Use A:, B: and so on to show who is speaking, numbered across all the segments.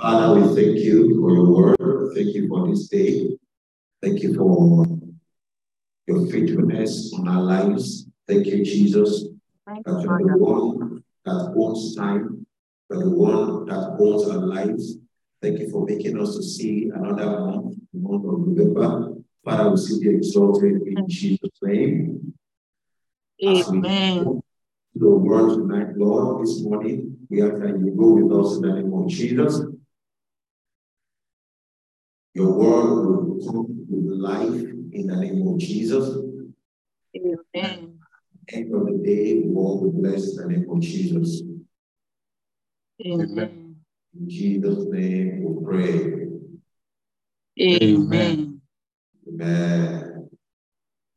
A: Father, we thank you for your word. Thank you for this day. Thank you for your faithfulness in our lives. Thank you, Jesus, Thank that you are the one that owns time, you are the one that owns our lives. Thank you for making us to see another month, the month of November. Father, we see the exalted in Jesus' name.
B: Amen. The word tonight, Lord, this morning, we ask that you go with us in the name of Jesus. Your
A: word will come to life in the name of Jesus.
B: Amen.
A: End of the day, Lord, will bless the name of Jesus. Amen. In Jesus' name we pray. Amen. Amen.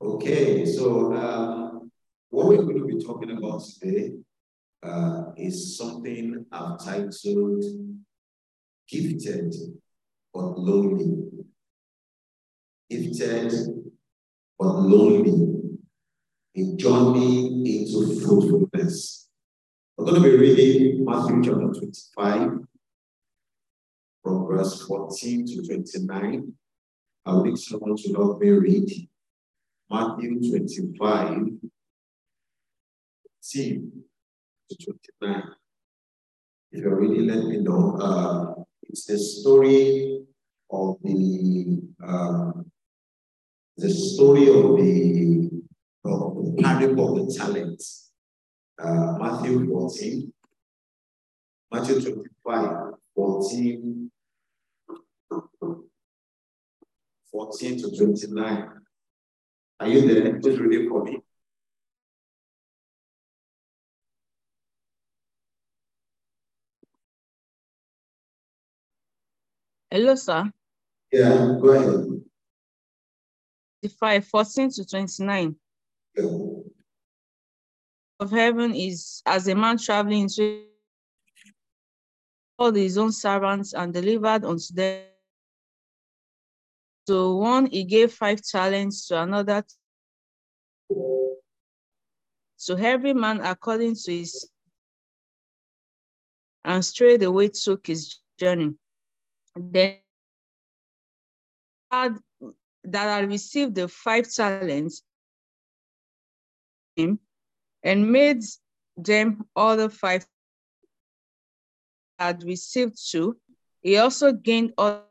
A: Okay, so um, what we're going to be talking about today uh, is something
B: I've titled Gifted but lonely. Gifted, but lonely. A journey into fruitfulness. We're going to be reading Matthew
A: chapter 25, from verse 14 to 29.
B: I would like someone to help me read Matthew 25, 14 to 29. If you're reading, let me know. Uh, it's the story of the um, the story of the of the parable of the talents, uh, Matthew 14, Matthew 25, 14, 14 to 29. Are you there? Please read it for me. Hello, sir. Yeah, go ahead.
C: 55, 14 to 29. Yeah. Of heaven is as a man traveling into all his own servants and delivered unto them. To one he gave five talents, to another. To so every man according to his and straight away took his journey. Then that had received the five talents and made them other five had received two. He also gained other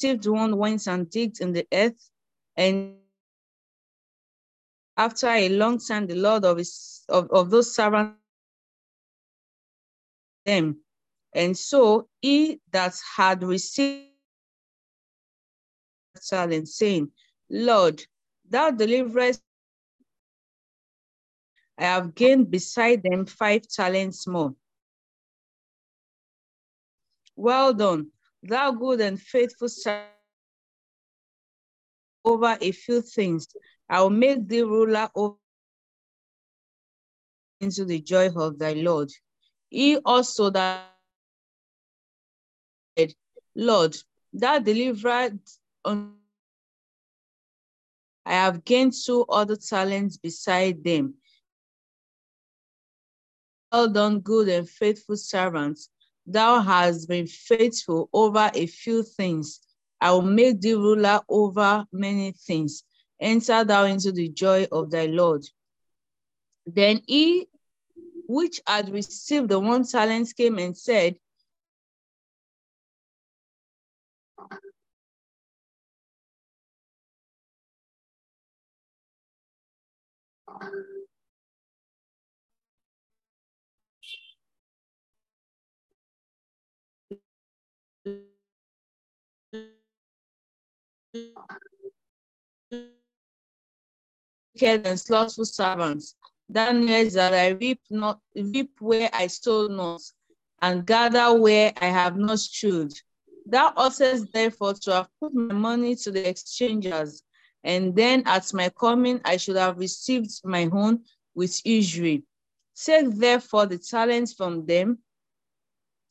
C: received one went and digged in the earth and after a long time the Lord of his of, of those servants them. And so he that had received challenge, saying, Lord, thou deliverest. I have gained beside them five talents more. Well done, thou good and faithful servant over a few things. I will make thee ruler over into the joy of thy Lord. He also that Lord, thou deliverest on I have gained two
D: other talents beside them. Well done, good and faithful servant. Thou hast been faithful over a few things. I will make thee ruler over many things. Enter thou into the joy of thy Lord. Then he which had received
C: the one talent came and said,
D: wicked and slothful servants. Daniel that I reap not reap where I sow not, and gather where I have not strewed. Thou oughtest therefore to have put my money to the exchangers, and then at my coming, I should have received my own with usury. Take therefore the talents from them,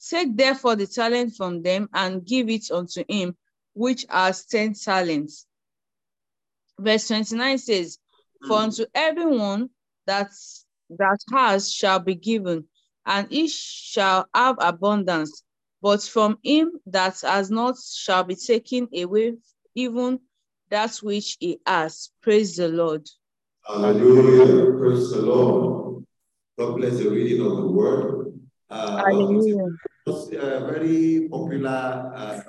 D: take therefore the talent from them and give it unto him, which has 10 talents. Verse 29 says, For unto everyone that, that has shall be given, and he shall have abundance. But from him that has not shall be taken away even that which he has. Praise the Lord.
A: Hallelujah. Praise the Lord. God bless the reading of the word. Uh, Hallelujah. It's a very popular uh,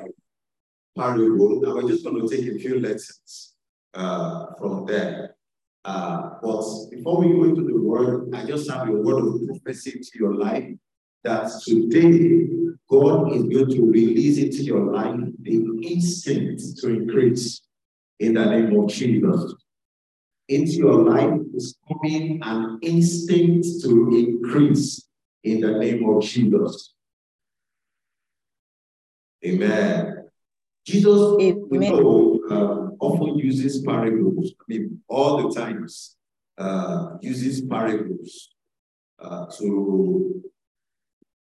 A: parable. I are just going to take a few lessons uh, from there. Uh, but before we go into the word, I just have a word of prophecy to your life that today God is going to release into your life the instinct to increase in the name of Jesus. Into your life is coming an instinct to increase in the name of Jesus. Amen.
C: Jesus, Amen.
A: we know, uh, often uses parables. I mean, all the times uh, uses parables uh, to,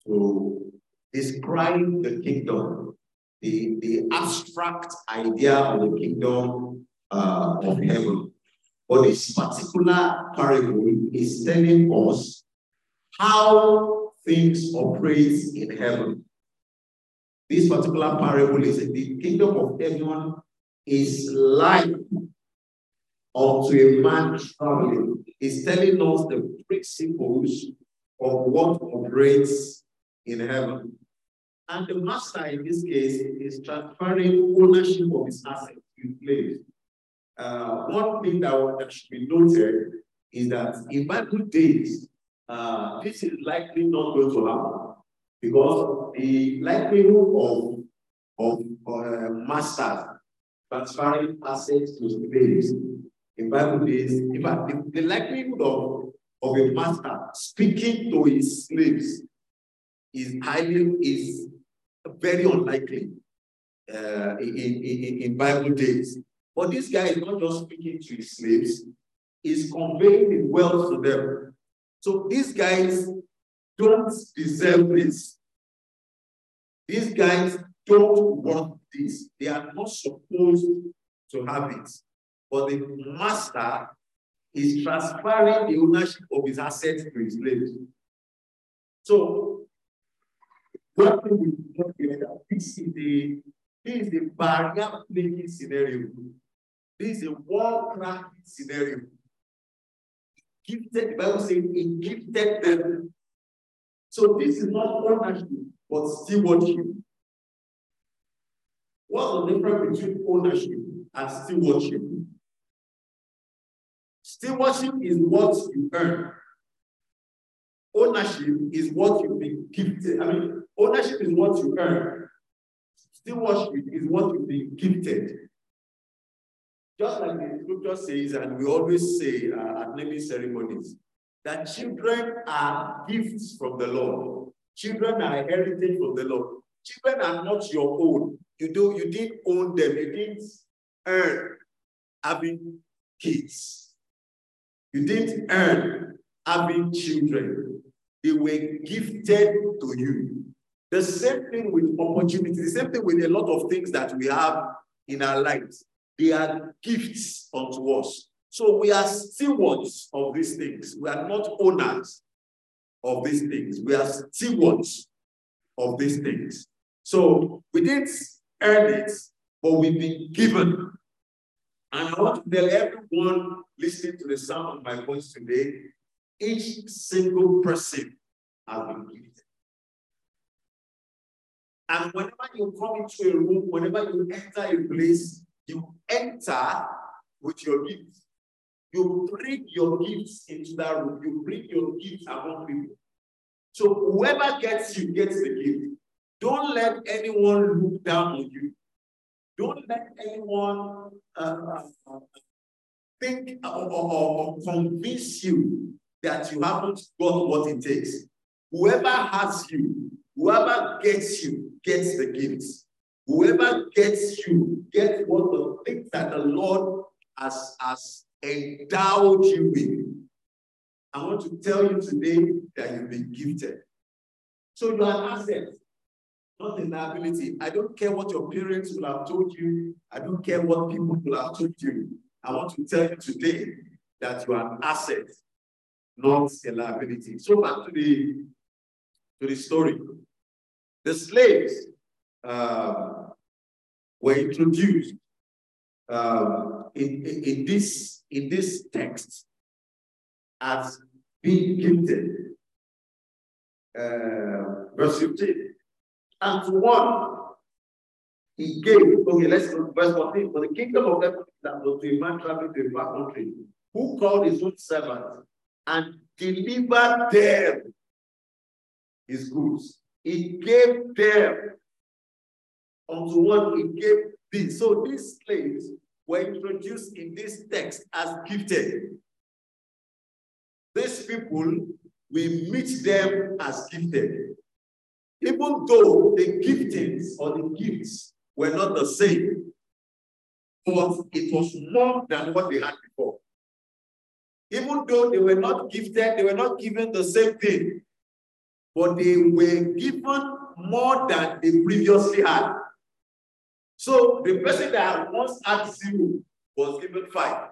A: to describe the kingdom, the, the abstract idea of the kingdom uh, of heaven. But this particular parable is telling us how things operate in heaven. This particular parable is the kingdom of heaven is like unto a man traveling. It's telling us the principles of what operates in heaven. And the master in this case is transferring ownership of his assets in place. Uh, one thing that, that should be noted is that in Bible days, uh, this is likely not going to happen because the likelihood of, of uh, masters transferring assets to slaves in Bible days, in fact, the, the likelihood of, of a master speaking to his slaves is highly is very unlikely uh, in, in, in Bible days. But this guy is not just speaking to his slaves, he's conveying his wealth to them. So these guys don't deserve this. These guys don't want this. They are not supposed to have it. But the master is transferring the ownership of his assets to his slaves. So, what we talk about this is the this is the barrier making scenario this is a world-class scenario.
B: Gifted, the Bible says he gifted them. So this is not ownership, but stewardship. What's the difference between ownership and stewardship? Stewardship is what you earn. Ownership is what you've
A: been gifted. I mean, ownership is what you earn. Stewardship is what you've been gifted. Just like the scripture says, and we always say uh, at naming ceremonies, that children are gifts from the Lord. Children are heritage from the Lord. Children are not your own. You do you didn't own them. You didn't earn having kids. You didn't earn having children. They were gifted to you. The same thing with opportunity, the same thing with a lot of things that we have in our lives. They are gifts unto us. So we are stewards of these things. We are not owners of these things. We are stewards of these things. So we didn't earn it, but we've been given. And I want to tell everyone listening to the sound of my voice today each single person has been given. And whenever you come into a room, whenever you enter a place, you enter with your gifts. You bring your gifts into that room. You bring your gifts among people. So whoever gets you gets the gift. Don't let anyone look down on you. Don't let anyone uh, uh think or, or, or convince you that you haven't got what it takes. Whoever has you, whoever gets you, gets the gifts. Whoever gets you, gets what the things that the Lord has, has endowed you with. I want to tell you today that you've been gifted. So you are an asset, not a liability. I don't care what your parents will have told you. I don't care what people will have told you. I want to tell you today that
B: you are an asset, not a liability. So back to the to the story. The slaves uh, were introduced um, in, in, this, in this text as being gifted. Uh, verse 15. And to one he gave, okay,
A: let's go verse 14. For the kingdom of heaven that was to a man traveling to a far country, who called his own servants and delivered them his goods. He gave them unto what he gave thee. So these slaves were introduced in this text as gifted. These people, we meet them as gifted. Even though the giftings or the gifts were not the same,
B: but it was more than what they had before. Even though they were not gifted, they were not given the same thing, but they
A: were given more than they previously had. So the person that once had zero was given five.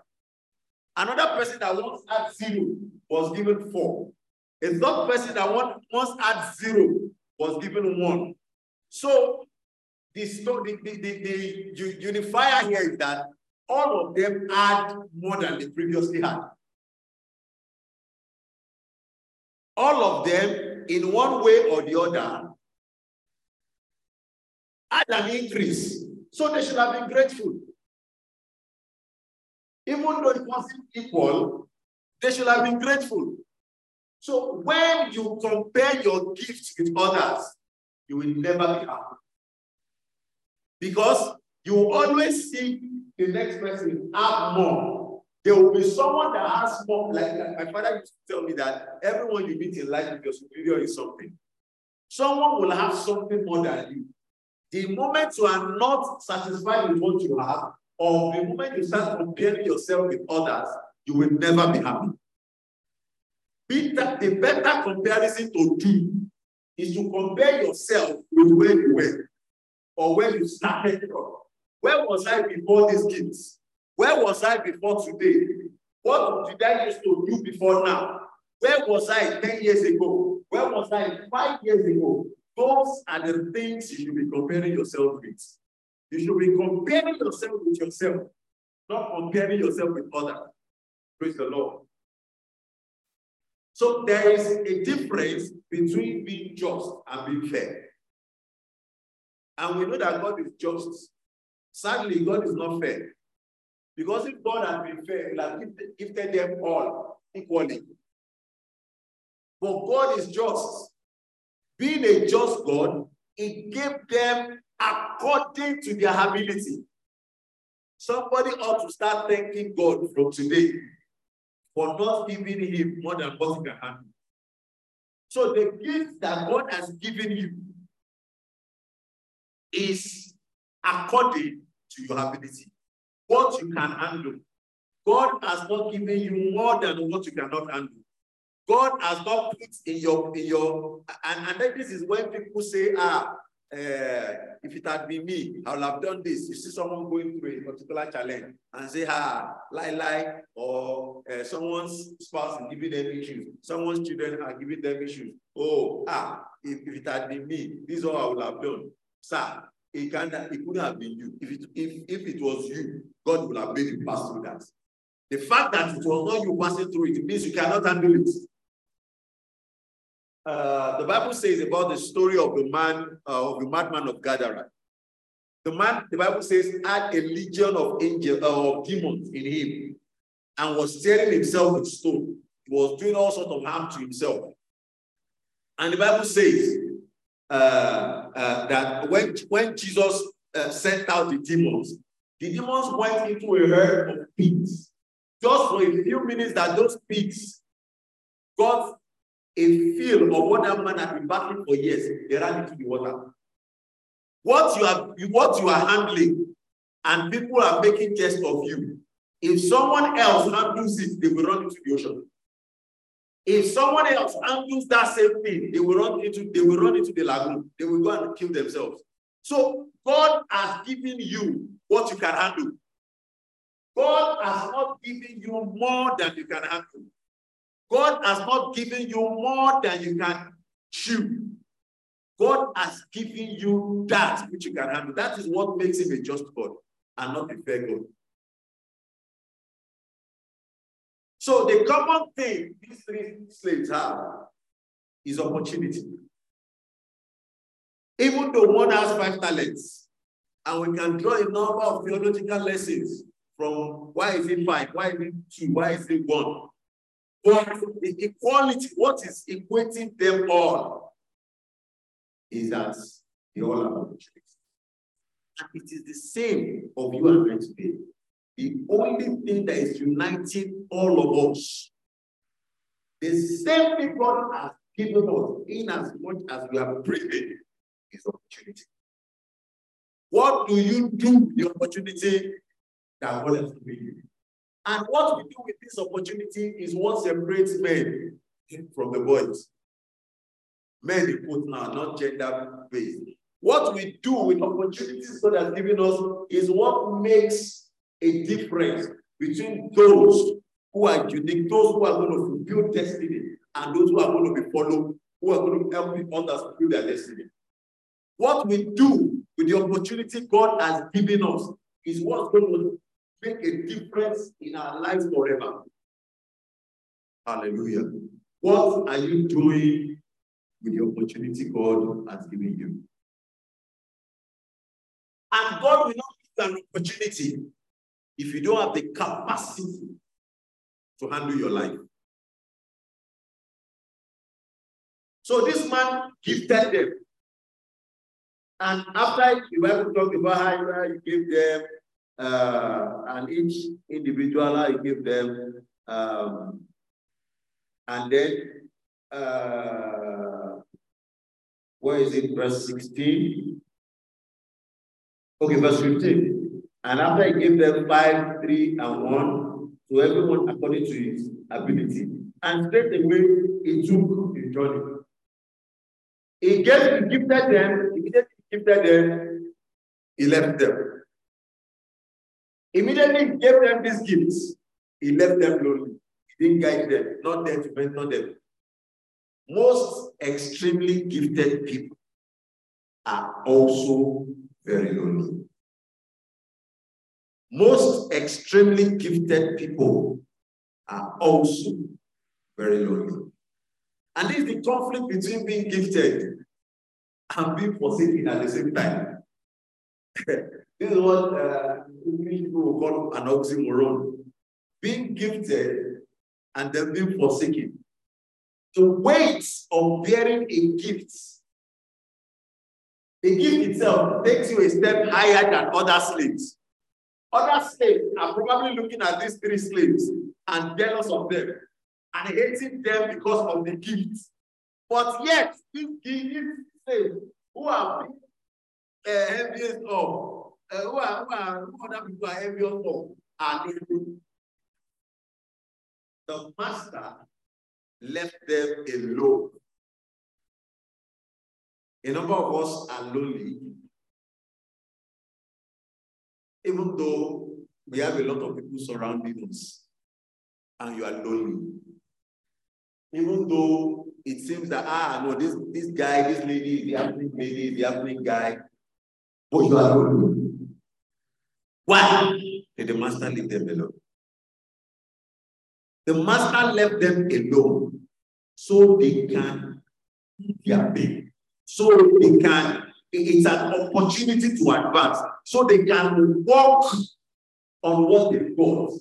A: Another person that once had zero was given four. A third person that once had zero was given one. So the, the, the, the,
B: the unifier here is that all of them had more than they previously had. All of them, in one way or the other, had an increase so they should have been grateful. Even though it wasn't equal, they should have been grateful. So when you compare your gifts
A: with others, you will never be happy. Because you always see the next person have more. There will be someone that has more. Like that. my father used to tell me that everyone you meet in life your superior is something. Someone will have something more than you. The moment you are not satisfied with what you have, or the moment you start comparing yourself with others, you will never be happy. Better, the better comparison to do is to compare yourself with where you were or where you started from. Where was I before these kids? Where was I before today? What did I used to do before now? Where was I 10 years ago? Where was I five years ago? Those are the things you should be comparing yourself with. You should be comparing yourself with yourself, not comparing yourself with others. Praise the Lord.
B: So there is a difference between being just and being fair. And we know that God is just.
A: Sadly, God is not fair. Because if God had been fair, he had gifted them all equally. But God is just being a just God, he gave them according to their ability. Somebody ought to start thanking God from today
B: for not giving him more than what he can handle. So the gift that God has given you is according to your ability, what you can handle. God has not given you
A: more than what you cannot handle. God has not put in your in your and, and then this is when people say, ah, uh, if it had been me, I would have done this. You see someone going through a particular challenge and say, ah, lie, lie, or uh, someone's spouse is giving them issues, someone's children are giving them issues. Oh, ah, if, if it had been me, this is all I would have done. Sir, it can it could have been you. If it if, if it was you, God would have made you pass through that. The fact that it was not you passing through it means you cannot handle it uh, the Bible says about the story of the man, uh, of the madman of Gadara. The man, the Bible says, had a legion of angels, uh, demons in him and was tearing himself with stone. He was doing all sorts of harm to himself. And the Bible says uh, uh, that when, when Jesus uh, sent out the demons, the demons went into a herd of pigs. Just for a few minutes, that those pigs got a field of what that man has been battling for years, they ran into the water. What you are, what you are handling, and people are making jest of you. If someone else handles it, they will run into the ocean. If someone else handles that same thing, they will run into they will run into the lagoon. They will go and kill themselves. So God has given you what you can handle. God has not given you more than you can handle. God has not given you more than you can chew.
B: God has given you that which you can handle. That is what makes him a just God and not a fair God. So the common thing these three slaves have is opportunity.
A: Even though one has five talents, and we can draw a number of theological lessons from why is it five, why is it two, why is it one. But the equality, what is equating them all is that they all have opportunities. And it is the same of you and I today. The only thing that is uniting all of us, the same thing God has given us, in as much
B: as we are breathing, is opportunity. What do you do with the opportunity that God has given you? And what we do with this opportunity
A: is what separates men from the boys. Men, the quote now, not gender based. What we do with opportunities God has given us is what makes a difference between those who are unique, those who are going to fulfill destiny, and those who are going to be followed, who are going to help others fulfill their destiny. What we do with the opportunity God has given us is what's going to make a difference in our lives forever.
B: Hallelujah. What are you doing with the opportunity God has given you? And God will not give an opportunity if you don't have the capacity to handle your life. So this man gifted them. And after the Bible talked about how he gave
A: them uh, and each individual I give them, um,
B: and then uh, where is it? Verse sixteen. Okay, verse fifteen.
A: And after I gave them five, three, and one to everyone according to his ability, and straight away he took the journey. He gave, he gifted them, immediately gifted them, he left them. Immediately gave them these gifts. He left them lonely. He didn't guide them, not them to mentor them. Most extremely gifted
B: people are also very lonely. Most extremely gifted people are
A: also very lonely. And this is the conflict between being gifted and being forsaken at the same time. this is what uh, many people will call an oxymoron. Being gifted and then being forsaken. The weight of bearing a gift, the gift itself takes you a step higher than other slaves. Other slaves are probably looking at these three slaves and jealous of them and hating them because of the gift. But yet, these gift
B: slaves who are being uh, of uh, eh, who are, who are who eh, other people are envious for are The master left them alone. A number of us are lonely, even though we have a lot of people surrounding us, and you are lonely.
A: Even though it seems that ah no, this this guy, this lady,
B: the happening lady, the happening guy, but you are lonely. Why did the master leave them alone? The master left them alone so they can their big,
A: so they can. It's an opportunity to advance, so they can walk on what they've got.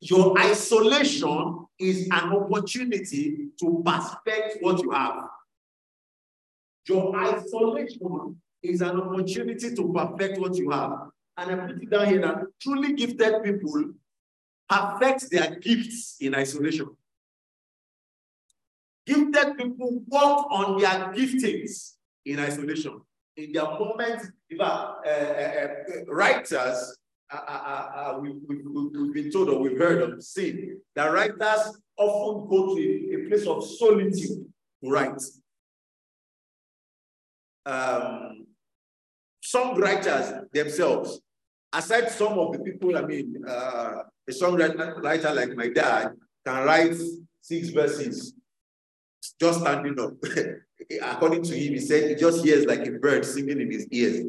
A: Your isolation is an opportunity to perfect what you have. Your isolation is an opportunity to perfect what you have and I put it down here that truly gifted people perfect their gifts in isolation. Gifted people work on their giftings in isolation. In their moments, if our, uh, uh, uh, writers, uh, uh, uh, we, we, we, we've been told or we've heard of, seen that writers
B: often go to a, place of solitude to write. Um, some writers themselves
A: aside some of the people, I mean, uh, a songwriter like my dad can write six verses just standing up. According to him, he said he just hears like a bird singing in his ears.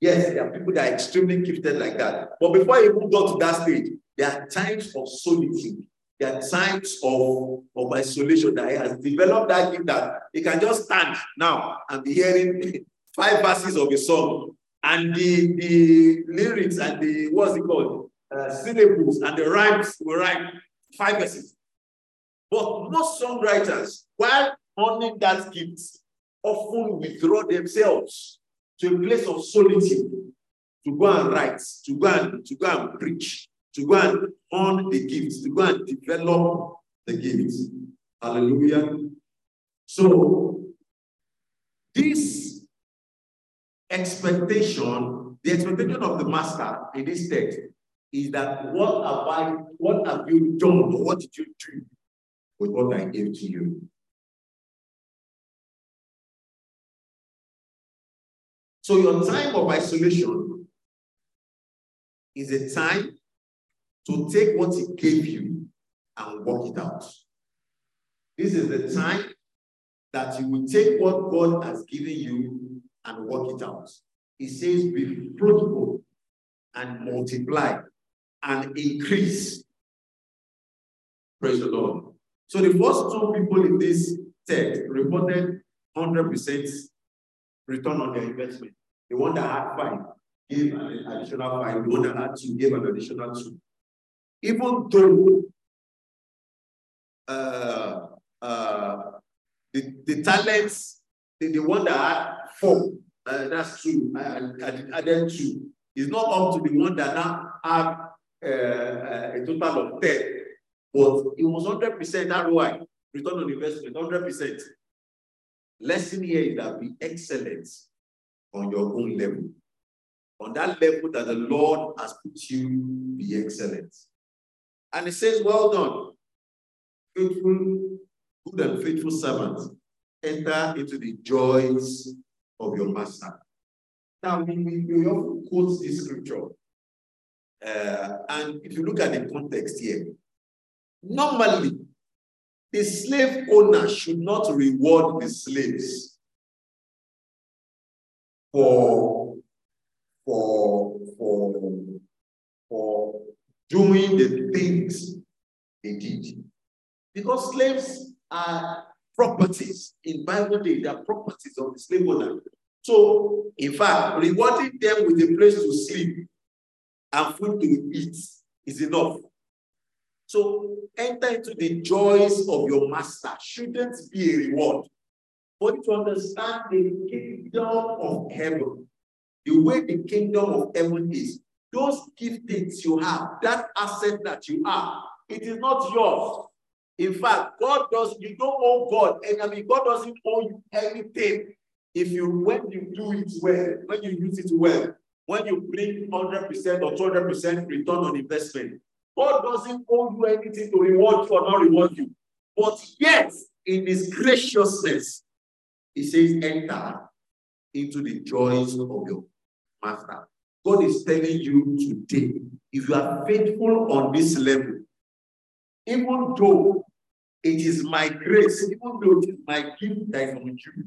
A: Yes, there are people that are extremely gifted like that. But before he even got to that stage, there are times of solitude. There are times of, of isolation that he has developed that gift that he can just stand now and be hearing five verses of a song and the, the lyrics and the what's it called uh, syllables and the rhymes will rhyme five verses. But most songwriters, while honing that gift, often withdraw themselves to a place of solitude to go and write, to go and to go and preach, to go and hone the gifts, to go and
B: develop the gifts. Hallelujah. So
A: this expectation, the expectation of the master
B: in this text is that what have I, what have you done, what did you do with what I gave to you? So your time of isolation is a time to take what he gave you and work it
A: out. This is the time that you will take what God has
B: given you and work it out. He says, Be fruitful and multiply and increase. Praise the
A: Lord. So the first two people in this text reported 100%
B: return on their investment. The one that had five gave an additional five. The one that had two gave an additional two. Even though uh, uh, the, the talents, the, the one
A: that had four. Uh, that's true. I, I, added two. It's not up to the one that now have uh, a total of 10. But it was 100% ROI, return on investment, 100%. Lesson here is that be excellent on your own level. On that level that the Lord has put you, be excellent. And it says, Well done, faithful, good and faithful servant. Enter into the joys of your master. Now, we, we often quote this scripture. Uh, and if you look at the context here, normally
B: the slave owner should not reward the slaves for, for, for, for doing the things they did.
A: Because slaves are properties. In Bible days, there are properties on the slave owner. So, in fact, rewarding them with a place to sleep and food to eat is enough. So, enter into the joys of your master shouldn't be a reward. But to understand the kingdom of heaven, the way the kingdom of heaven is, those gifts you have, that asset that you have, it is not yours. In fact, God does, you don't owe God, and I mean, God doesn't owe you anything if you, when you do it well, when you use it well, when you bring 100% or 200% return on investment, God doesn't owe you anything to reward for not reward you. But yet, in his graciousness, he says, enter into the joys of your master. God is telling you today, if you are faithful on this level, even though it is my grace, even though it is my gift that is on you.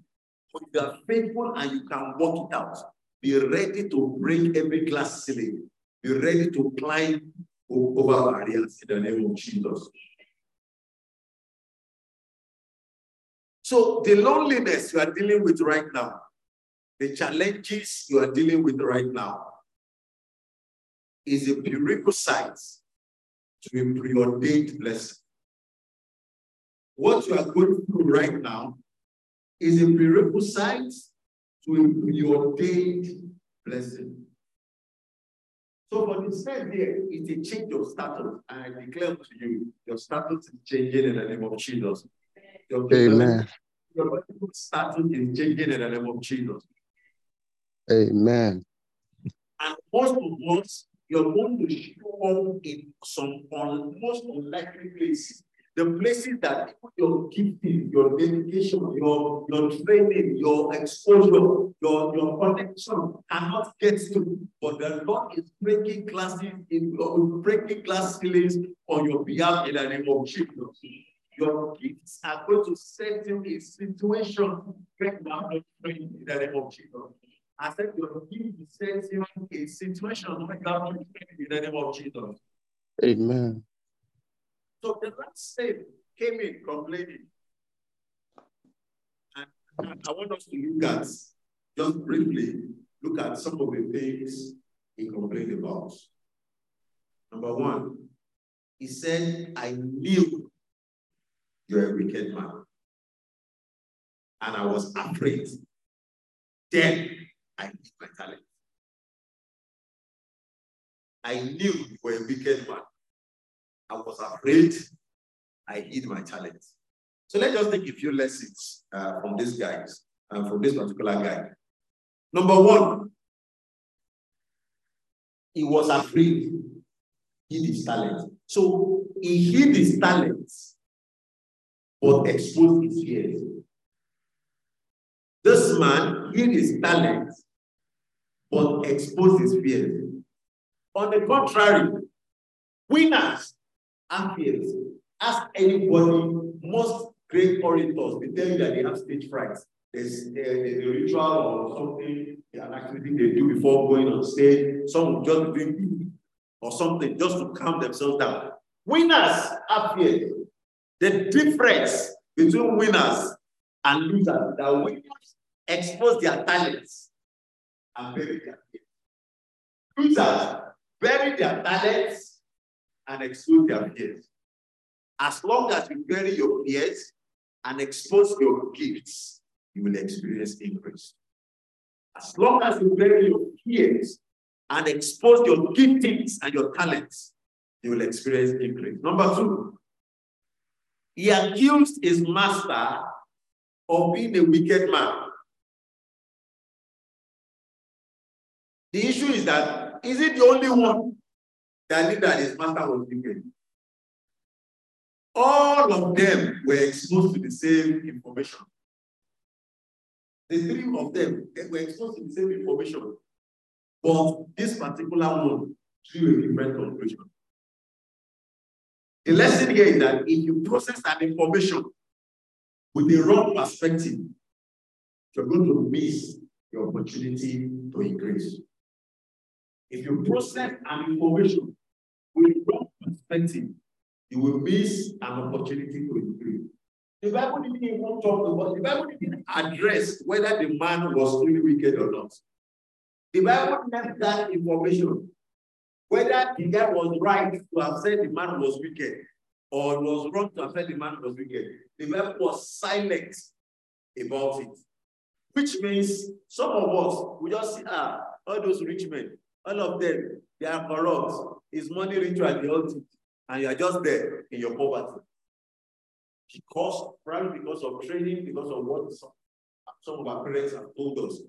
A: But you are faithful and you can work it out. Be ready to break every glass ceiling.
B: Be ready to climb over barriers in the name of Jesus. So the loneliness you are dealing with right now, the challenges you are dealing with right now, is a prerequisite to a preordained blessing. What you are going through right now is a prerequisite to your ordained blessing. So what it said here is a change of status. And I declare to you, your status is changing
A: in the name of Jesus. Your Amen. Your status is changing in the name of Jesus. Amen. And most of us, you're going to show up in some most unlikely places the places that your gifting, your dedication, your, your training, your exposure, your, your connection cannot get you. But the Lord is breaking classes in breaking class ceilings on your behalf in the name of Jesus. Your gifts are going to set you in situation in the name of Jesus. I said your gift sets you in situation right now in the name of Jesus.
C: Amen.
A: So the last slave came in complaining. And I want us to look at, just briefly, look at some of the things he complained about.
B: Number one, he said, I knew you're a wicked man. And I was afraid. Then I hid my talent. I knew you were a wicked man. I was afraid. I hid
A: my talent. So let's just take a few lessons uh, from these guys and um, from this particular
B: guy. Number one, he was afraid. He hid his talent. So he hid his talents, but exposed his fears. This man hid his talent, but exposed his fears.
A: On the contrary, winners amphitheaters. Ask anybody, most great orators, they tell you that they have stage fright. There's a, eh, a ritual or something, an activity they do before going on stage. Some just drink or something just to calm themselves down. Winners are feared.
B: The difference between winners and losers that winners expose their talents and bury their fears. Losers
A: bury their talents and exclude their peers. As long as you bury your peers and expose your gifts, you will experience increase. As long as you bury your peers and expose your giftings and your talents, you will experience increase. Number two,
B: he accused his master of being a wicked man. The issue is that, is it the only one their leader and his master was wicked. All of them were exposed to the same information. The three of them they were exposed to the same information, but this particular one drew a different conclusion. The lesson here is that if you process an information with the wrong perspective, you're going to miss your opportunity to increase. If you process
A: an information you will miss an opportunity to improve. The Bible didn't even talk about, the Bible didn't address whether the man was really wicked or not. The Bible left that information. Whether the guy was right to have said the man was wicked or was wrong to have said the man was wicked, the Bible was silent about it. Which means some of us, we just see, ah, all those rich men, all of them, they are corrupt. It's money ritual, the ultimate and you are just there in your poverty. Because, probably because of training, because of what some, some of our parents have told us.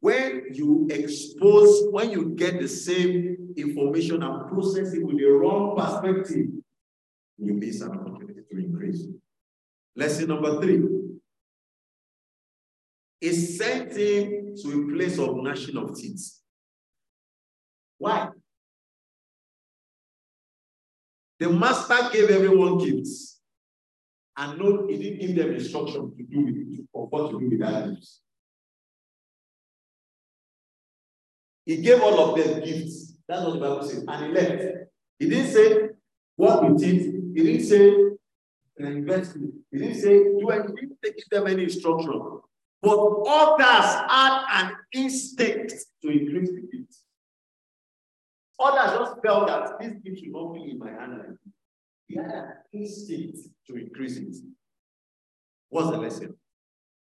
A: When you expose, when you get the same information
B: and process it with the wrong perspective, you miss an opportunity to increase. Lesson number three. is sent him to a place of gnashing of teeth. Why? The master gave everyone gifts, and no, he didn't give them instruction to do with or what to do with that gifts. He gave all of them gifts. That's what the Bible says. And he left. He didn't say what with it. He didn't say
A: invest. it. He didn't say do anything. He didn't give them any instruction. But others had an instinct to increase the gifts. Others just felt that this gift should not be in my hand like They had instinct to increase
B: it. What's the lesson?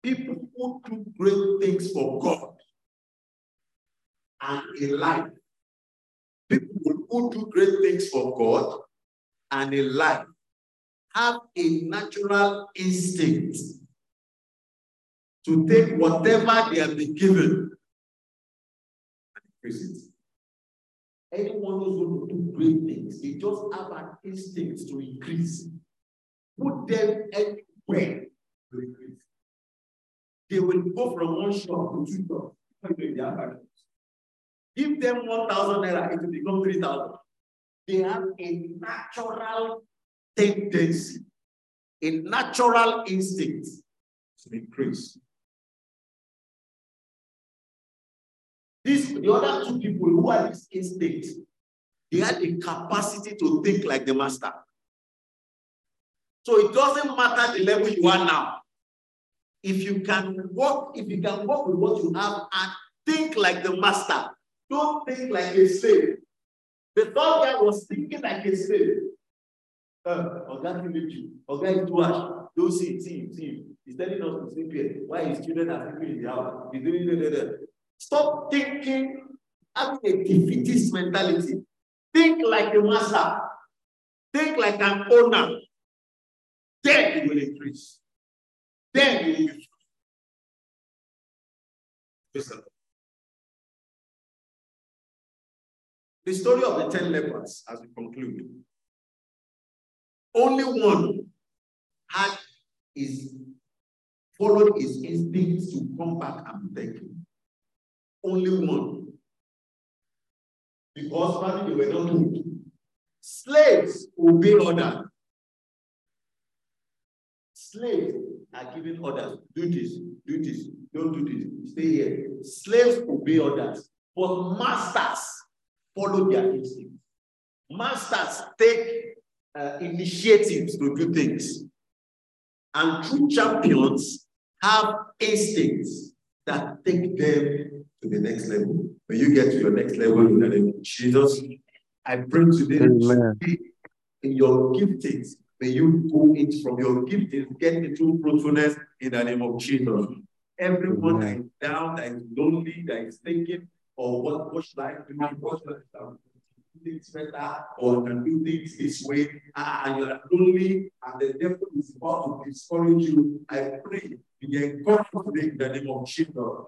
B: People who do great things for God and in life. People who do great things for God and in life have a natural instinct to take whatever they have been given and increase it. Anyone who's going to do great things, they just have an instinct to increase. Put
A: them anywhere to increase. They will go from one shop to two shops. Give them 1,000 naira, it will become 3,000.
B: They have a natural tendency, a natural instinct to increase. These, the other two people who had this instinct, they had the capacity to think like the master. So it
A: doesn't matter the level you are now. If you can work, if you can work with what you have and think like the master, don't think like a slave. The third guy was thinking like a slave. Uh, Oga Kimichi, Oga Ituash, don't see, see, see. He's telling us to sleep here. Why his children are sleeping in the house? He's doing that. Stop thinking having a defeatist mentality.
B: Think like a master. Think like an owner. Then you will increase. Then you will increase. The story of the ten lepers, as we conclude, only one had his followed his instincts to come back and beg him. only woman. Because family they were not good. Slaves obey orders.
A: Slaves are given orders. Do this, do this, don't do this, stay here. Slaves obey orders, but masters follow their instincts. Masters take uh, initiatives to do things. And true champions have instincts that take them to the next level. When you get to your next level in the name of Jesus, I pray today Amen. in your giftings, may you go in from your giftings, get into fruitfulness in the name of Jesus. Everyone that is down, that is lonely, that is thinking, or what, what should I do? What should I do? Things better or can do things this way, ah, and you're lonely, and the devil is about to discourage you. I pray God encouraged in the name of Jesus.